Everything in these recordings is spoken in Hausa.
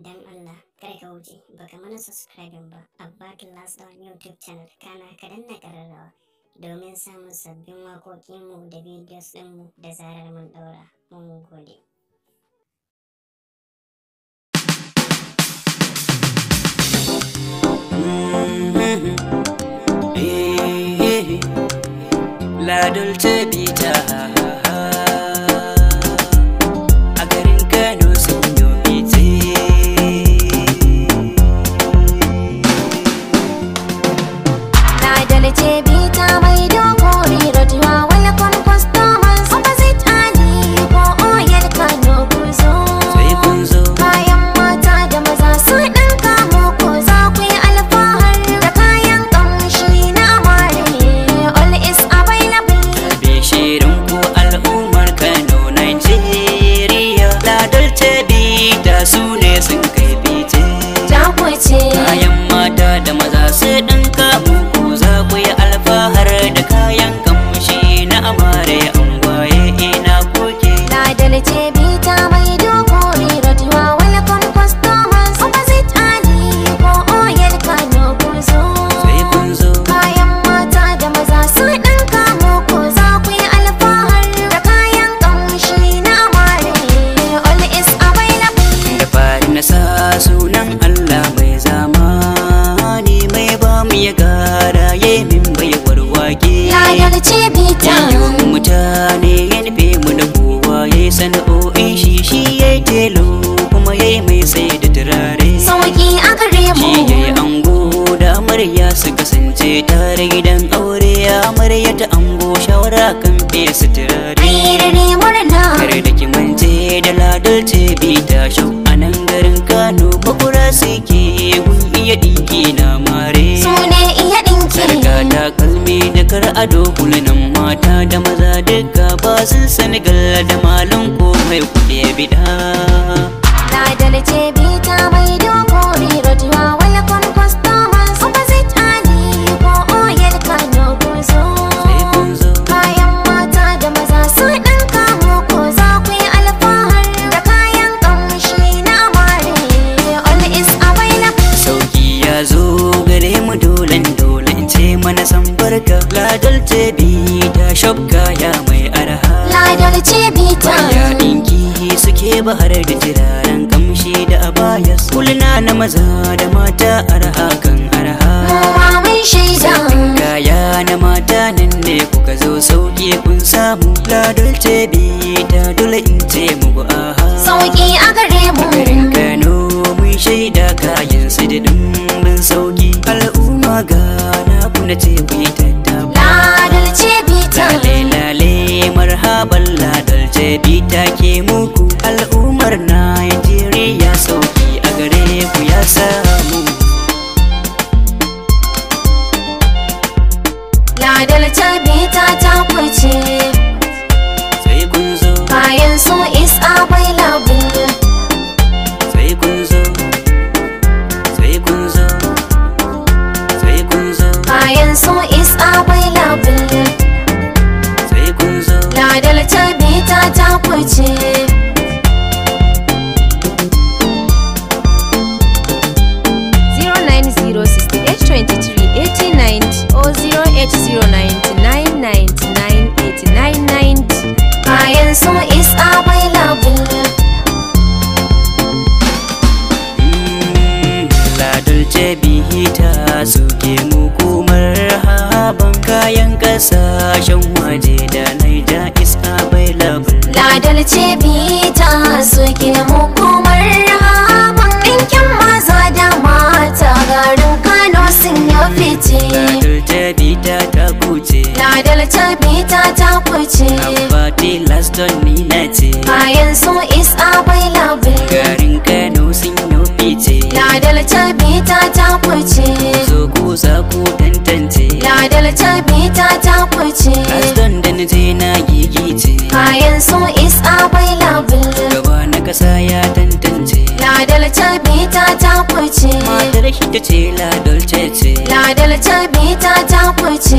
dan Allah kar ka wuce baka mana subscribing ba abba glass on youtube channel kana ka danna kararrawa domin samun sabbin mu da videos ɗinmu da zarar mun daura mun gode su ne sun kai fice. Ta kwace. adalce bi ta shau a nan garin Kano makura suke hun iya dinki na mare sune iya dinki sarka ta kalmi da kar ado kulunan mata da maza duka ba sun Senegal da malam ko mai kuɗe bida na adalce bi ta mai bahar da jiraran kamshi da abaya kulna na maza da mata arha kan arha kaya na mata nan ne kuka zo sauki kun samu ladul ce bi ta dole in ce muku aha sauki a gare mu kano mun shaida kayan su da dimbin sauki al'umma ga na kuna ce ku tattaba ladul ce bi ta lale lale marhaban ladul ce bi ta ke muku al sashen waje da naija iska bai ladal ce bita suke hukumar rahaban ɗinkin maza da mata garin kano sun ya fice ce bita ta kuce ce bita ta kuce abba tilaston ni na ce bayan sun kasa ya tantance La dalce bita ta kuce Matar hita ce la dolce ce La dalce bita ta kuce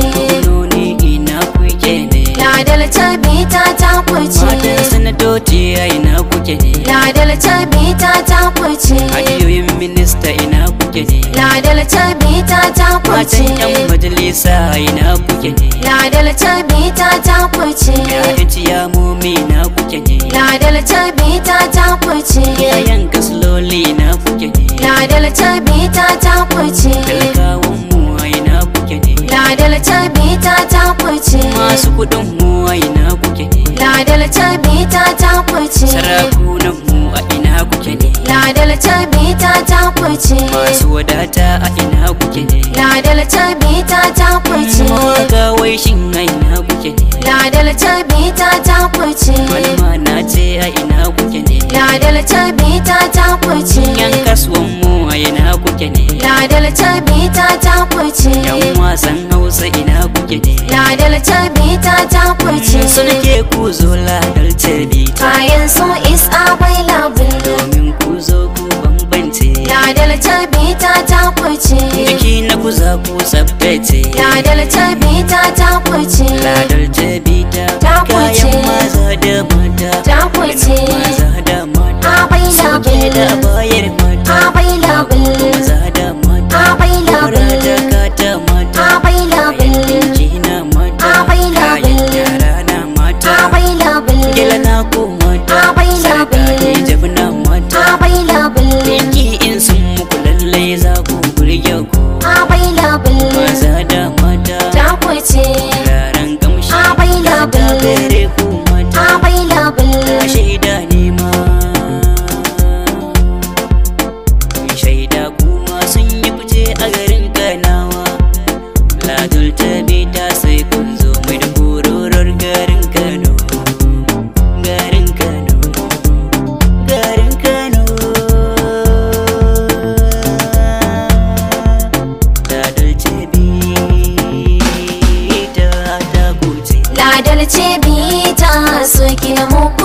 ne ina kuke ne La dalce bita ta kuce Matar sanatoci a ina kuke ne La dalce bita ta kuce Hadiyoyin minista ina kuke ne La dalce bita ta kuce Matan yan majalisa ina kuke ne La dalce bita ta kuce kamo me na kuke ne ladal tabi ta ta kuce yayan kasloli na kuke ne ladal tabi ta ta kuce talakawan mu ai na kuke ne ladal tabi ta ta kuce masu kudin mu ai na kuke ne ladal tabi ta ta kuce sarakunan mu a na kuke ne ladal tabi ta ta kuce masu wadata a ina kuke ne ladal tabi ta ta kuce ma ga wai shin ai na kuke ne ladal tabi Ladal tabi ta ta kuce Yan kasuwan mu a yana kuke ne Ladal tabi ta ta kuce Yan wasan Hausa ina kuke ne Ladal tabi ta ta kuce Sun ke ku zo ladal tabi ta Kayan su is abai labu Domin ku zo ku bambance Ladal tabi ta ta kuce Jiki na ku za ku tsabtace Ladal tabi ta ta kuce Ladal tabi ta Kayan maza da mata Ta kuce da bayar Dinamo